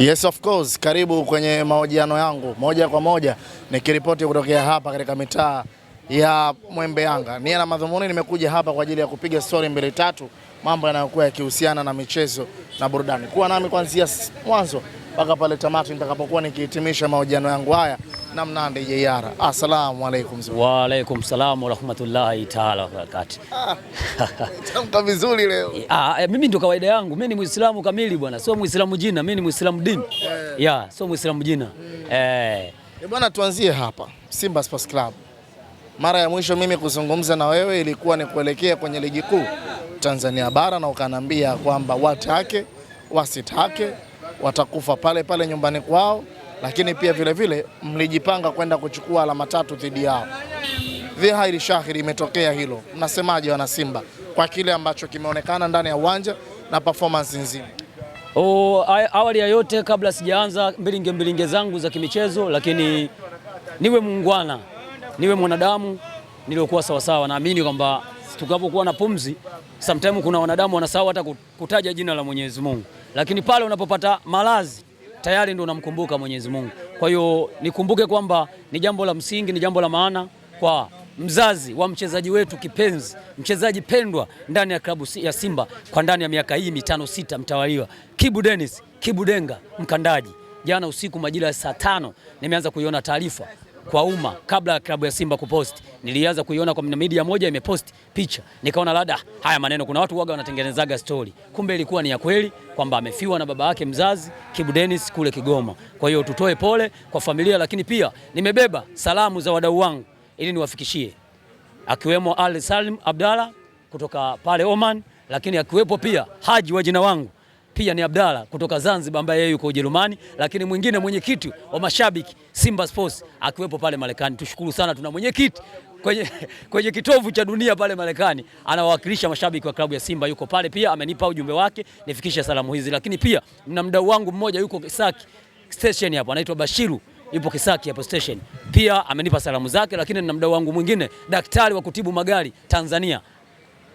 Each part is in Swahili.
Yes, of course. Karibu kwenye mahojiano yangu moja kwa moja nikiripoti kutokea hapa katika mitaa ya Mwembe Yanga. Nia na madhumuni nimekuja hapa kwa ajili ya kupiga stori mbili tatu, mambo yanayokuwa yakihusiana na michezo na burudani. Kuwa nami kuanzia mwanzo mpaka pale tamati nitakapokuwa nikihitimisha mahojiano yangu haya na Mnandi Jeiara. Asalamu alaykum. Wa alaykum salaam wa rahmatullahi taala wa ah, Tamka vizuri leo. Ah, eh, mimi ndo kawaida yangu. Mimi ni Muislamu kamili bwana. Sio Muislamu jina, mimi ni Muislamu dini. Eh. Yeah, sio Muislamu jina. Hmm. Eh. eh. bwana, tuanzie hapa Simba Sports Club. Mara ya mwisho mimi kuzungumza na wewe ilikuwa ni kuelekea kwenye ligi kuu Tanzania bara na ukaniambia kwamba watake wasitake watakufa pale pale nyumbani kwao lakini pia vilevile mlijipanga kwenda kuchukua alama tatu dhidi yao. Dhahiri shahiri imetokea hilo. Mnasemaje wana Simba kwa kile ambacho kimeonekana ndani ya uwanja na performance nzima? Oh, awali ya yote kabla sijaanza mbilinge mbilinge zangu za kimichezo, lakini niwe muungwana, niwe mwanadamu niliokuwa sawasawa. Naamini kwamba tukapokuwa na pumzi, sometimes kuna wanadamu wanasahau hata kutaja jina la Mwenyezi Mungu, lakini pale unapopata malazi tayari ndio unamkumbuka Mwenyezi Mungu. Kwa hiyo nikumbuke kwamba ni jambo la msingi, ni jambo la maana kwa mzazi wa mchezaji wetu kipenzi, mchezaji pendwa ndani ya klabu ya Simba kwa ndani ya miaka hii mitano sita mtawaliwa, Kibu Dennis Kibu Denga mkandaji, jana usiku majira ya saa tano nimeanza kuiona taarifa kwa umma kabla ya klabu ya Simba kupost. Nilianza kuiona kwa media moja imepost picha, nikaona labda haya maneno, kuna watu waga wanatengenezaga story, kumbe ilikuwa ni ya kweli kwamba amefiwa na baba yake mzazi Kibu Dennis kule Kigoma. Kwa hiyo tutoe pole kwa familia, lakini pia nimebeba salamu za wadau wangu ili niwafikishie, akiwemo Al Salim Abdalla kutoka pale Oman, lakini akiwepo pia Haji wa jina wangu pia ni Abdalla kutoka Zanzibar ambaye yeye yuko Ujerumani, lakini mwingine mwenyekiti wa mashabiki Simba Sports akiwepo pale Marekani. Tushukuru sana, tuna mwenyekiti kwenye, kwenye kitovu cha dunia pale Marekani anawakilisha mashabiki wa klabu ya Simba, yuko pale pia, amenipa ujumbe wake nifikishe salamu hizi, lakini pia na mdau wangu mmoja yuko Kisaki station hapo, anaitwa Bashiru yupo Kisaki hapo station, pia amenipa salamu zake, lakini na mdau wangu mwingine daktari wa kutibu magari Tanzania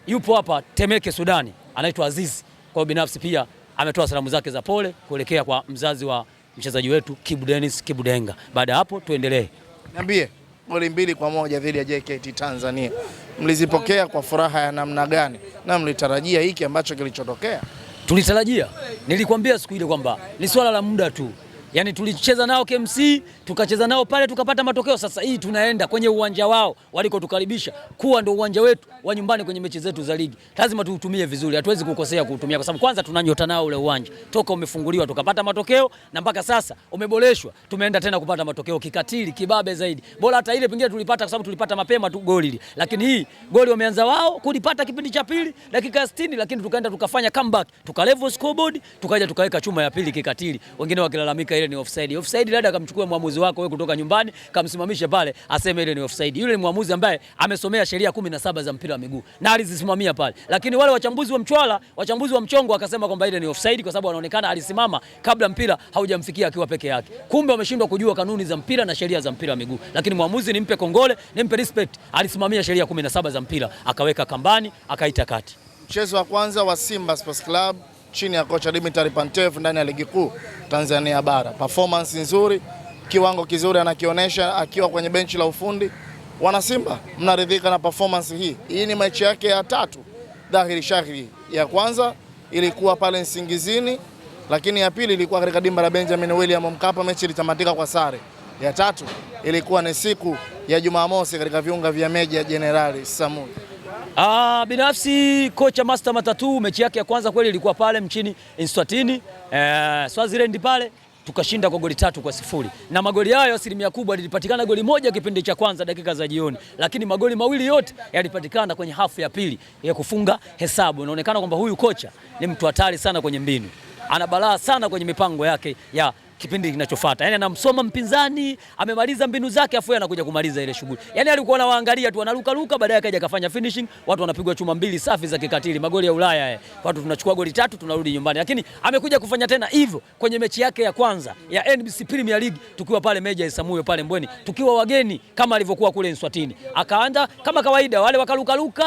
yupo hapa Temeke Sudani, anaitwa Azizi. Kwa binafsi pia ametoa salamu zake za pole kuelekea kwa mzazi wa mchezaji wetu Kibu Dennis Kibudenga. Baada ya hapo, tuendelee. Niambie, goli mbili kwa moja dhidi ya JKT Tanzania mlizipokea kwa furaha ya namna gani na mlitarajia hiki ambacho kilichotokea? Tulitarajia, nilikwambia siku ile kwamba ni swala la muda tu yani tulicheza nao KMC tukacheza nao pale tukapata matokeo. Sasa hii tunaenda kwenye uwanja wao waliko tukaribisha kuwa ndo uwanja wetu wa nyumbani kwenye mechi zetu za ligi, lazima tuutumie vizuri, hatuwezi kukosea kuutumia kwa sababu kwanza tunanyota nao ule uwanja toka umefunguliwa tukapata matokeo, na mpaka sasa umeboreshwa, tumeenda tena kupata matokeo kikatili, kibabe zaidi. Bora hata ile pingine tulipata kwa sababu tulipata mapema tu goli ile. lakini hii goli wameanza wao kulipata kipindi cha pili dakika 60, lakini tukaenda tukafanya comeback, tukalevel scoreboard, tukaja tukaweka chuma ya pili kikatili, wengine wakilalamika ile ni offside. Offside labda akamchukua mwamuzi wako wewe kutoka nyumbani, kamsimamisha pale, aseme ile ni offside. Yule ni mwamuzi ambaye amesomea sheria kumi saba za mpira wa miguu na alizisimamia pale, lakini wale wachambuzi wa mchwala, wachambuzi wa mchongo wakasema kwamba ile ni offside kwa sababu anaonekana alisimama kabla mpira haujamfikia akiwa peke yake. Kumbe wameshindwa kujua kanuni za mpira na sheria za mpira wa miguu, lakini mwamuzi nimpe kongole, nimpe respect, alisimamia sheria kumi saba za mpira akaweka kambani, akaita kati. Mchezo wa kwanza wa Simba Sports Club chini ya kocha Dimitri Pantev ndani ya ligi kuu Tanzania bara. Performance nzuri, kiwango kizuri anakionyesha akiwa kwenye benchi la ufundi. Wanasimba, mnaridhika na performance hii? Hii ni mechi yake ya tatu dhahiri shahiri. Ya kwanza ilikuwa pale Nsingizini, lakini ya pili ilikuwa katika dimba la Benjamin William Mkapa, mechi ilitamatika kwa sare. Ya tatu ilikuwa ni siku ya Jumamosi katika viunga vya Meja Jenerali Samuel. Ah, binafsi kocha Master Matatu mechi yake ya kwanza kweli ilikuwa pale mchini Eswatini, eh, Swaziland pale tukashinda kwa goli tatu kwa sifuri na magoli hayo asilimia kubwa lilipatikana goli moja kipindi cha kwanza dakika za jioni, lakini magoli mawili yote yalipatikana kwenye hafu ya pili ya kufunga hesabu. Inaonekana kwamba huyu kocha ni mtu hatari sana kwenye mbinu, ana balaa sana kwenye mipango yake ya kipindi kinachofuata. Yaani anamsoma mpinzani, amemaliza mbinu zake afu anakuja kumaliza ile shughuli. Yaani alikuwa anawaangalia tu analuka luka, baadaye akaja akafanya finishing, watu wanapigwa chuma mbili safi za kikatili, magoli ya Ulaya eh. Watu tunachukua goli tatu tunarudi nyumbani. Lakini amekuja kufanya tena hivyo kwenye mechi yake ya kwanza ya NBC Premier League tukiwa pale Meja Isamuyo pale Mbweni, tukiwa wageni kama alivyokuwa kule Nswatini. Akaanza kama kawaida wale wakaluka luka,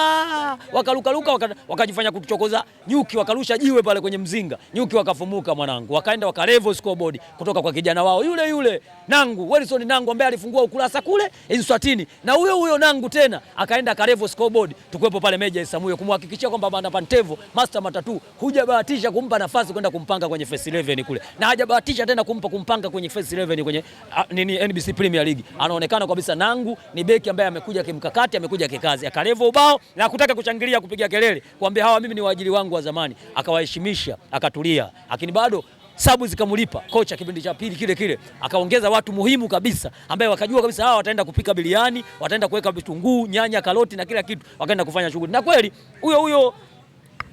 wakaluka luka, wakajifanya kutuchokoza nyuki, wakarusha jiwe pale kwenye mzinga. Nyuki wakafumuka mwanangu. Wakaenda wakalevo scoreboard kutoka kwa kijana wao yule yule Nangu Wilson Nangu ambaye alifungua ukurasa kule Inswatini, na huyo huyo Nangu tena akaenda Karevo scoreboard, tukiwepo pale Meja Isamuyo kumhakikishia kwamba Banda Pantevo Master Matatu hujabahatisha kumpa nafasi kwenda kumpanga kwenye first 11 kule, na hajabahatisha tena kumpa kumpanga kwenye first 11 kwenye a, ah, nini NBC Premier League. Anaonekana kabisa Nangu ni beki ambaye amekuja kimkakati, amekuja kikazi, akarevo ubao na kutaka kuchangilia, kupiga kelele, kuambia hawa mimi ni waajili wangu wa zamani, akawaheshimisha, akatulia, lakini bado sabu zikamulipa kocha. Kipindi cha pili kile kile akaongeza watu muhimu kabisa, ambaye wakajua kabisa hawa wataenda kupika biliani, wataenda kuweka vitunguu, nyanya, karoti na kila kitu, wakaenda kufanya shughuli, na kweli huyo huyo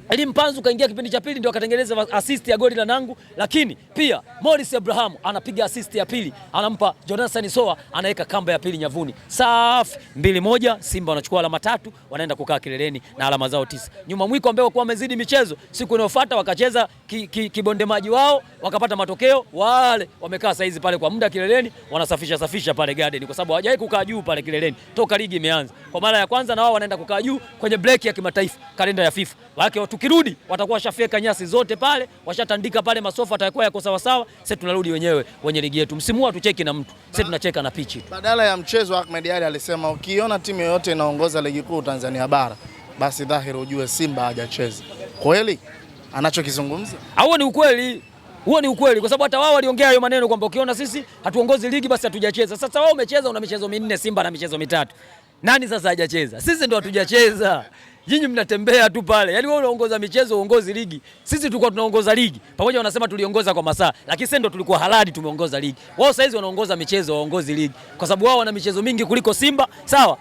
Elim Panzu kaingia kipindi cha pili ndio akatengeneza assist ya goli la Nangu, lakini pia Morris Abraham anapiga assist ya pili, anampa Jonathan Soa, anaweka kamba ya pili nyavuni. Safi, mbili moja, Simba wanachukua alama tatu, wanaenda kukaa kileleni na alama zao tisa. Nyuma mwiko ambao kwa wamezidi michezo, siku inayofuata wakacheza ki, ki, kibonde maji wao, wakapata matokeo. Wale wamekaa saizi pale kwa muda kileleni, wanasafisha safisha pale garden kwa sababu hawajawahi kukaa juu pale kileleni toka ligi imeanza. Kwa mara ya kwanza na wao wanaenda kukaa juu kwenye break ya kimataifa, kalenda ya FIFA. Wake watu tukirudi watakuwa washafyeka nyasi zote pale, washatandika pale masofa atakuwa yako sawa sawa. Sasa tunarudi wenyewe wenye ligi yetu. Msimu huu hatucheki na mtu. Sasa tunacheka na pichi tu. Badala ya mchezo Ahmed Ali alisema ukiona timu yoyote inaongoza ligi kuu Tanzania bara basi dhahiri ujue Simba hajacheza. Kweli anachokizungumza? au ni ukweli. Huo ni ukweli kwa sababu hata wao waliongea hayo maneno kwamba ukiona sisi hatuongozi ligi basi hatujacheza. Sasa wao umecheza una michezo minne, Simba na michezo mitatu. Nani sasa hajacheza? Sisi ndo hatujacheza nyinyi mnatembea tu pale. Yaani wewe unaongoza michezo, uongozi ligi. Sisi tulikuwa tunaongoza ligi. Pamoja wanasema tuliongoza kwa masaa, lakini sisi ndo tulikuwa halali tumeongoza ligi. Wao sasa hizi wanaongoza michezo, waongozi ligi. Kwa sababu wao wana michezo mingi kuliko Simba, sawa?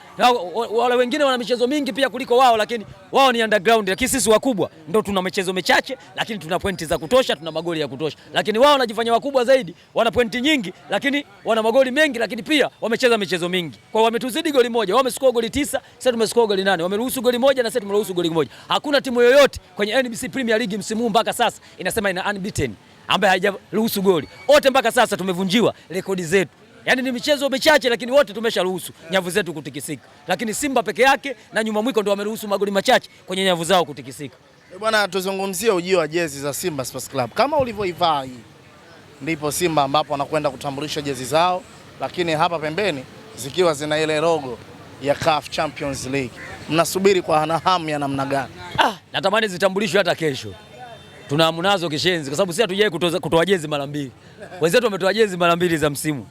Wale wengine wana michezo mingi pia kuliko wao, lakini wao ni underground. Lakini sisi wakubwa ndo tuna michezo michache, lakini tuna pointi za kutosha, tuna magoli ya kutosha. Lakini wao wanajifanya wakubwa zaidi, wana pointi nyingi, lakini wana magoli mengi, lakini pia wamecheza michezo mingi. Kwa wametuzidi goli moja, wao wamescore goli tisa, sasa tumescore goli nane. Wameruhusu goli moja na Manchester tumeruhusu goli moja. Hakuna timu yoyote kwenye NBC Premier League msimu huu mpaka sasa inasema ina unbeaten ambaye haijaruhusu goli. Wote mpaka sasa tumevunjiwa rekodi zetu. Yaani ni michezo michache lakini wote tumesharuhusu nyavu zetu kutikisika. Lakini Simba peke yake na nyuma mwiko ndio wameruhusu magoli machache kwenye nyavu zao kutikisika. Eh, bwana, tuzungumzie ujio wa jezi za Simba Sports Club. Kama ulivyoivaa hii ndipo Simba ambapo wanakwenda kutambulisha jezi zao, lakini hapa pembeni zikiwa zina ile logo ya CAF Champions League. Mnasubiri kwa hamu ya namna gani? Ah, natamani zitambulishwe hata kesho. Tuna hamu nazo kishenzi kwa sababu sisi hatujai kutoa jezi mara mbili. Wenzetu wametoa jezi mara mbili za msimu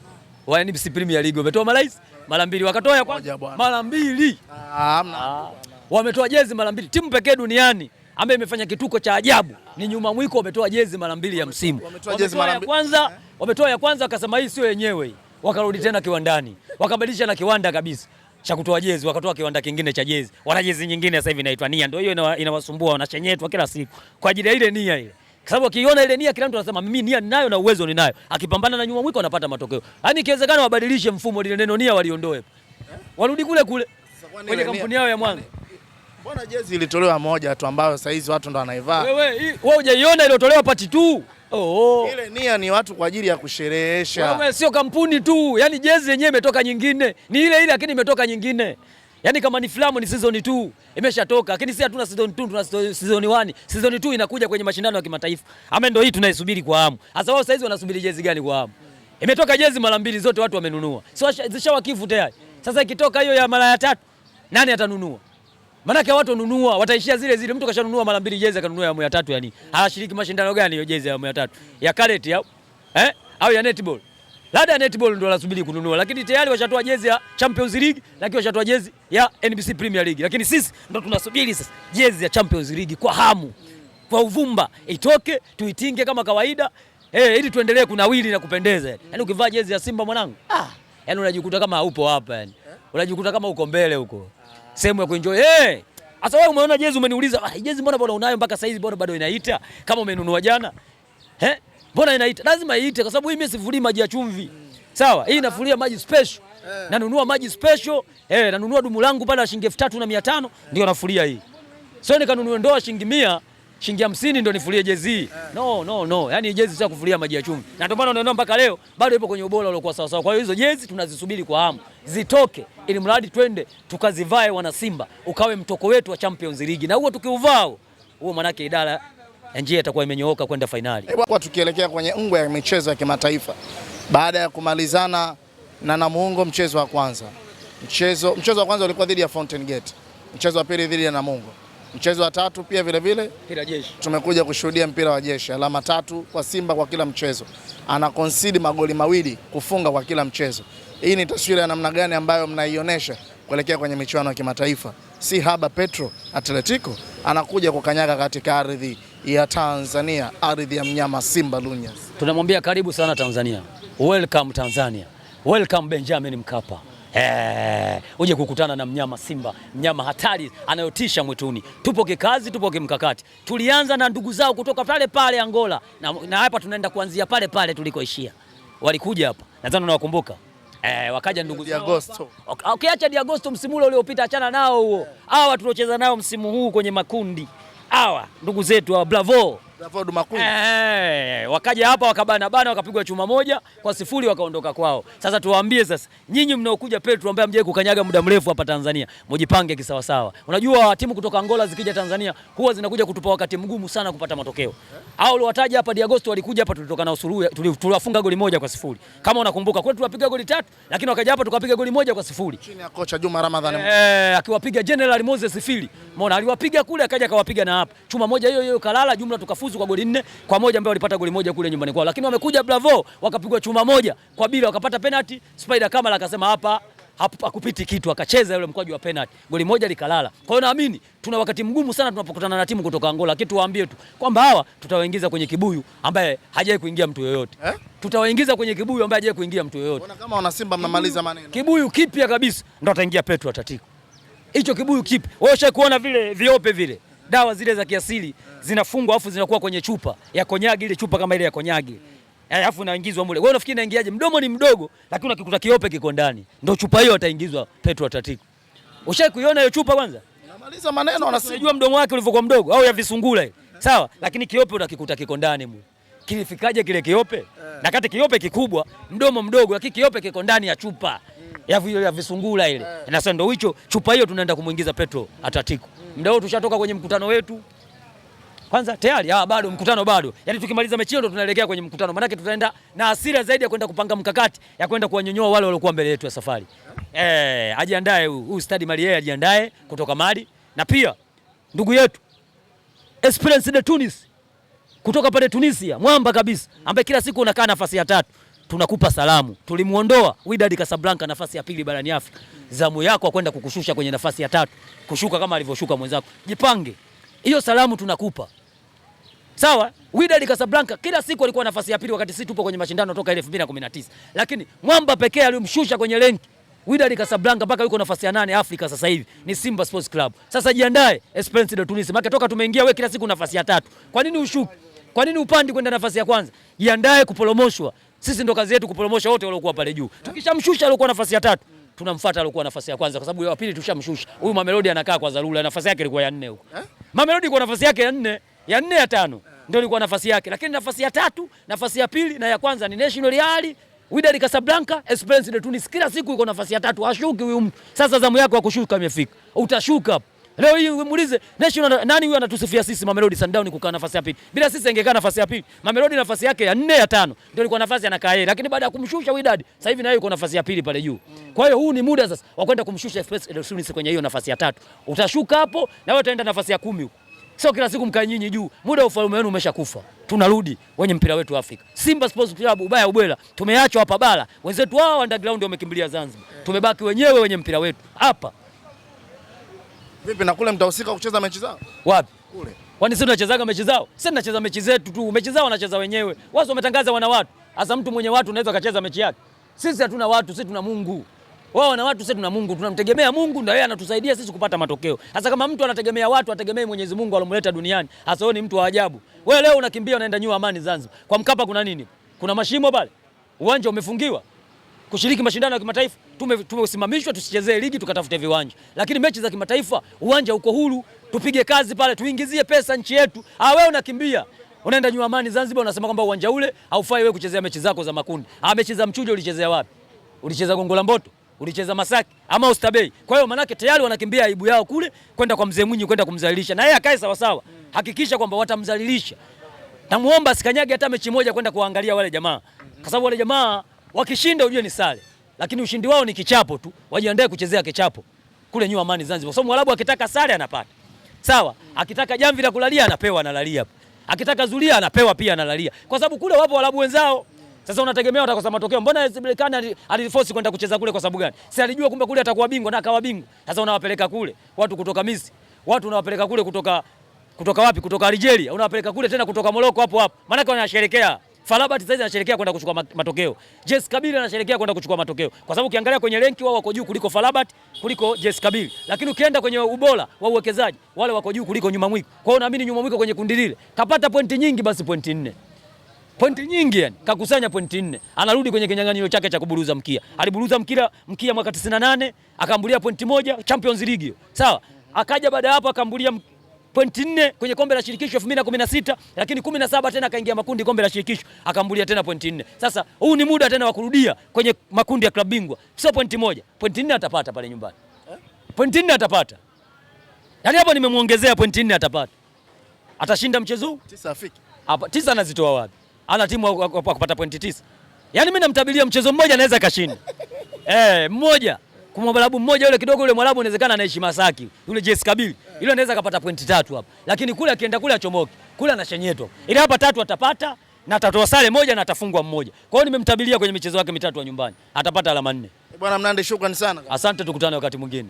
wa NBC Premier League wametoa mara hizi mara mbili, wakatoa ya kwanza mara mbili. Ah, ah, wametoa jezi mara mbili, timu pekee duniani ambayo imefanya kituko cha ajabu ni nyuma mwiko, wametoa jezi mara mbili ya msimu. Wametoa jezi mara mbili kwanza, eh? wametoa ya kwanza wakasema hii sio yenyewe, wakarudi tena kiwandani wakabadilisha na kiwanda kabisa cha kutoa jezi wakatoa kiwanda kingine cha jezi, wana jezi nyingine sasa hivi inaitwa nia, ndio hiyo inawasumbua, wanachenyetwa kila siku kwa ajili ya ile nia ile kwa sababu akiona ile nia kila mtu anasema mimi nia ninayo na uwezo ninayo, akipambana na nyuma mwiko anapata matokeo. Yaani ikiwezekana wabadilishe mfumo, lile neno nia waliondoe, warudi kule kule kwenye kampuni yao ya mwanzo. Mbona jezi ilitolewa moja tu ambayo sasa hizi watu ndo wanaivaa? Wewe wewe hujaiona iliyotolewa pati tu? Oh, oh. Ile nia ni watu kwa ajili ya kusherehesha. Wewe sio kampuni tu, yani jezi yenyewe imetoka nyingine, ni ile ile lakini imetoka nyingine. Yaani kama ni filamu ni season 2 imeshatoka, lakini sisi hatuna season 2, tuna season 1. Season 2 inakuja kwenye mashindano ya kimataifa. Ama ndio hii tunaisubiri kwa hamu. Sasa wao saizi wanasubiri jezi gani kwa hamu? Imetoka jezi mara mbili zote watu wamenunua. Sio zishawakivu tayari. Sasa ikitoka hiyo ya mara ya tatu, nani atanunua? Manake watu wanunua wataishia zile zile. Mtu kashanunua mara mbili jezi akanunua ya mia tatu yani. Hashiriki mashindano gani hiyo jezi ya mia tatu? Ya karate au eh? Au ya netball. Labda netball ndio wanasubiri kununua, lakini tayari washatoa jezi ya Champions League, lakini washatoa jezi ya NBC Premier League. Lakini sisi ndio tunasubiri sasa jezi ya Champions League kwa hamu. Kwa uvumba itoke tuitinge kama kawaida. Eh, ili tuendelee kunawili na kupendeza Yaani ukivaa jezi ya Simba mwanangu, ah, yaani unajikuta kama upo hapa yani. Unajikuta kama uko mbele huko sehemu ya kuenjoy hey! Eh, Sasa wewe umeona jezi, umeniuliza ah, jezi mbona bado unayo mpaka saizi, mbona bado inaita kama umenunua jana eh? Mbona inaita? Lazima iite, kwa sababu hii mimi sifuri maji ya chumvi Sawa, hii nafuria maji special. Eh. Nanunua maji special, eh, nanunua dumu langu pale shilingi elfu tatu na mia tano ndio nafuria hii. Sio nikanunua ndoa shilingi mia shilingi hamsini ndo nifulie jezi. Eh. No, no, no. Yaani jezi sio kufulia maji ya chumvi. Na ndio maana unaona mpaka leo bado ipo kwenye ubora uliokuwa sawa sawa. Kwa hiyo hizo jezi tunazisubiri kwa hamu. Zitoke ili mradi twende tukazivae wana Simba. Ukawe mtoko wetu wa Champions League. Na huo tukiuvao, huo maana yake idara ya njia itakuwa imenyooka kwenda fainali. Kwa eh, tukielekea kwenye ngwe ya michezo ya kimataifa baada ya kumalizana na Namungo mchezo wa kwanza. Mchezo mchezo wa kwanza ulikuwa dhidi ya Fountain Gate. Mchezo wa pili dhidi ya Namungo. Mchezo wa tatu pia vilevile vile, tumekuja kushuhudia mpira wa jeshi, alama tatu kwa Simba kwa kila mchezo, ana concede magoli mawili kufunga kwa kila mchezo. Hii ni taswira ya namna gani ambayo mnaionyesha kuelekea kwenye michuano ya kimataifa? Si haba Petro Atletico anakuja kukanyaga katika ardhi ya Tanzania, ardhi ya mnyama Simba Lunyas. Tunamwambia karibu sana Tanzania, welcome Tanzania, welcome Benjamin Mkapa. Eh, uje kukutana na mnyama simba, mnyama hatari anayotisha mwituni. Tupo kikazi, tupo kimkakati. Tulianza na ndugu zao kutoka pale pale Angola na, na hapa tunaenda kuanzia pale pale tulikoishia. Walikuja hapa nadhani unawakumbuka. Eh, wakaja ndugu zao Agosto. Ukiacha di Agosto msimu ule uliopita, achana nao huo. Hawa tuliocheza nao msimu huu kwenye makundi, hawa ndugu zetu wa Bravo Tafuta huduma kuu. Eh, wakaja hapa wakabana bana wakapigwa chuma moja kwa sifuri wakaondoka kwao. Sasa tuwaambie sasa, nyinyi mnaokuja Petro ambaye hamjawahi kukanyaga muda mrefu hapa Tanzania, mjipange kisawa sawa. Unajua timu kutoka Angola zikija Tanzania huwa zinakuja kutupa wakati mgumu sana kupata matokeo. Hao uliwataja hapa Diagosto walikuja hapa tulitoka na suluhu, tuliwafunga goli moja kwa sifuri. Kama unakumbuka, kwetu tulipiga goli tatu lakini wakaja hapa tukapiga goli moja kwa sifuri. Chini ya kocha Juma Ramadhani. Eh, akiwapiga General Moses Fili. Mbona aliwapiga kule akaja akawapiga na hapa. Chuma moja hiyo hiyo kalala jumla tukafuzu kufuzu kwa goli nne kwa moja ambayo walipata goli moja kule nyumbani kwao, lakini wamekuja Bravo wakapigwa chuma moja kwa bila, wakapata penalty. Spider Kamara akasema hapa hakupiti kitu, akacheza yule mkwaju wa penalty, goli moja likalala. Kwa hiyo naamini tuna wakati mgumu sana tunapokutana na timu kutoka Angola, lakini tuwaambie tu kwamba hawa tutawaingiza kwenye kibuyu ambaye hajawahi kuingia mtu yoyote eh? Tutawaingiza kwenye kibuyu ambaye hajawahi kuingia mtu yoyote. Ona kama wana Simba mnamaliza mm. maneno. Kibuyu kipya kabisa ndo ataingia Petro atatiko hicho kibuyu kipi? Wewe ushakuona vile viope vile dawa zile za kiasili zinafungwa afu zinakuwa kwenye chupa ya konyagi, ile chupa kama ile ya konyagi alafu unaingizwa mule. Wewe unafikiri inaingiaje? Mdomo ni mdogo, lakini unakikuta kiope kiko ndani, ndio chupa hiyo ataingizwa Petro Atletico. Ushai kuiona hiyo chupa kwanza? Inamaliza maneno anasijua mdomo wake ulivyokuwa mdogo, au ya visungula sawa, lakini kiope unakikuta kiko ndani mu. Kilifikaje kile kiope? Na kati kiope kikubwa, mdomo mdogo, lakini kiope kiko ndani ya chupa ya visungula ile, eh. na sasa ndio hicho chupa hiyo tunaenda kumuingiza Petro Atatiku. Muda huo tushatoka kwenye mkutano wetu kwanza tayari. Ah, bado mkutano bado, yani tukimaliza mechi ndo tunaelekea kwenye mkutano, maanake tutaenda na asira zaidi ya kwenda kupanga mkakati ya kwenda kuwanyonyoa wale waliokuwa mbele yetu ya safari. Eh, ajiandae huyu Stadi Mali, yeye ajiandae kutoka Mali, na pia ndugu yetu Esperance de Tunis kutoka pale Tunisia, mwamba kabisa ambaye kila siku unakaa nafasi ya tatu tunakupa salamu. Tulimuondoa Wydad Casablanca nafasi ya pili barani Afrika, zamu yako kwenda kukushusha kwenye nafasi ya tatu, kushuka kama alivyoshuka mwenzako. Jipange, hiyo salamu tunakupa. Sawa, Wydad Casablanca kila siku alikuwa nafasi ya pili wakati sisi tupo kwenye mashindano toka 2019. Lakini mwamba pekee aliyomshusha kwenye lenki Wydad Casablanca mpaka yuko nafasi ya nane Afrika sasa hivi ni Simba Sports Club. Sasa jiandae Esperance de Tunis. Maana toka tumeingia wewe kila siku nafasi ya tatu. Kwa nini ushuke? Kwa nini upandi kwenda nafasi ya kwanza? Jiandae kuporomoshwa. Sisi ndo kazi yetu kupromosha wote waliokuwa pale juu. Tukishamshusha aliokuwa nafasi ya tatu, tunamfuata aliokuwa nafasi ya kwanza kwa sababu ya pili tushamshusha. Huyu Mamelodi anakaa kwa zarula nafasi yake ilikuwa ya nne huko. Eh? Mamelodi kwa nafasi yake ya nne, ya nne ya tano ndio ilikuwa nafasi yake. Lakini nafasi ya tatu, nafasi ya pili na ya kwanza ni National Real, Wydad Casablanca, Esperance de Tunis. Kila siku iko nafasi ya tatu, ashuki huyu mtu. Sasa zamu yako ya kushuka imefika. Utashuka. Leo hii umuulize national nani huyu anatusifia sisi Mamelodi Sundowns kukaa nafasi ya pili. Bila sisi angekaa nafasi ya pili. Mamelodi nafasi yake ya 4 ya 5 ndio ilikuwa nafasi anakaa yeye. Lakini baada ya kumshusha Wydad, sasa hivi naye yuko nafasi ya pili pale juu. Kwa hiyo huu ni muda sasa wa kwenda kumshusha FS Tunis kwenye hiyo nafasi ya tatu. Utashuka hapo na wewe utaenda nafasi ya kumi huko. Sio kila siku mkae nyinyi juu. Muda wa ufalme wenu umeshakufa. Tunarudi wenye mpira wetu Afrika. Simba Sports Club ubaya ubwela. Tumeachwa hapa bala. Wenzetu wao underground wamekimbilia Zanzibar. Tumebaki wenyewe wenye mpira wetu hapa. Vipi na kule mtahusika kucheza mechi zao? Wapi? Kule. Kwani sisi tunachezaga mechi zao? Sisi tunacheza mechi zetu tu. Mechi zao wanacheza wenyewe. Wao wametangaza wana watu. Asa mtu mwenye watu unaweza akacheza mechi yake. Sisi hatuna watu, sisi tuna Mungu. Wao wana watu, sisi tuna Mungu. Tunamtegemea Mungu ndio yeye anatusaidia sisi kupata matokeo. Asa kama mtu anategemea watu, ategemee Mwenyezi Mungu alomleta duniani. Asa wewe ni mtu wa ajabu. Wewe leo unakimbia unaenda nyua Amani Zanzibar. Kwa Mkapa kuna nini? Kuna mashimo pale. Uwanja umefungiwa kushiriki mashindano ya kimataifa tumesimamishwa, tume tusichezee ligi tukatafute viwanja, lakini mechi za kimataifa uwanja uko huru, tupige kazi pale, tuingizie pesa nchi yetu. Ah, wewe unakimbia unaenda nyuma amani Zanzibar, unasema kwamba uwanja ule haufai wewe kuchezea mechi zako za makundi. Ah, mechi za mchujo ulichezea wapi? Ulicheza Gongo la Mboto, ulicheza Masaki ama Ustabei? Kwa hiyo manake tayari wanakimbia aibu yao kule kwenda kwa mzee Mwinyi, kwenda kumdhalilisha, na yeye akae sawa sawa, hakikisha kwamba watamdhalilisha. Namuomba sikanyage hata mechi moja kwenda kuangalia wale jamaa, kwa sababu wale jamaa Wakishinda ujue ni sare, lakini ushindi wao ni kichapo tu, wajiandae kuchezea kichapo kule nyuma Amani Zanzibar, kwa sababu mwarabu akitaka sare anapata sawa, akitaka jamvi la kulalia anapewa, analalia akitaka zulia anapewa pia, analalia kwa sababu kule wapo warabu wenzao. Sasa unategemea watakosa matokeo? Mbona Berkane aliforce kwenda kucheza kule kwa sababu gani? Si alijua kumbe kule atakuwa bingwa na akawa bingwa. Sasa unawapeleka kule watu kutoka Misri, watu unawapeleka kule kutoka kutoka wapi? Kutoka Algeria, unawapeleka kule tena kutoka Morocco hapo hapo. Maana kwa wanasherekea Falabat sasa hivi anasherekea kwenda kuchukua matokeo. Jess Kabili anasherekea kwenda kuchukua matokeo. Kwa sababu ukiangalia kwenye renki wao wako juu kuliko Falabat, kuliko Jess Kabili. Lakini ukienda kwenye ubora wa uwekezaji, wale wako juu kuliko Nyuma Mwiko. Kwa hiyo naamini Nyuma Mwiko kwenye kundi lile kapata pointi nyingi basi pointi nne. Pointi nyingi yani, kakusanya pointi nne. Anarudi kwenye kinyang'anyiro chake cha kuburuza mkia. Aliburuza mkia mkia mwaka 98, akambulia pointi moja Champions League. Sawa? Akaja baada ya hapo akambulia pointi nne kwenye kombe la shirikisho 2016 lakini 17 tena akaingia makundi kombe la shirikisho akambulia tena pointi nne. Sasa huu ni muda tena wa kurudia kwenye makundi ya klabu bingwa, sio pointi moja, pointi nne atapata pale nyumbani eh? pointi nne atapata, yaani hapo nimemuongezea pointi nne atapata. Atashinda mchezo huu tisa, afiki hapa tisa, anazitoa wapi? Ana timu ya kupata pointi tisa, yaani mimi namtabilia mchezo mmoja anaweza kashinda eh, mmoja kwa mwarabu mmoja yule kidogo yule mwarabu inawezekana anaishi Masaki. Yule JS Kabili. Yule anaweza kupata pointi tatu hapa. Lakini kule akienda kule achomoke. Kule anashenyetwa. Ile hapa tatu atapata na atatoa sare moja na atafungwa mmoja. Kwa hiyo nimemtabilia kwenye michezo yake mitatu ya nyumbani. Atapata alama nne. Bwana Mnandi, shukrani sana. Asante, tukutane wakati mwingine.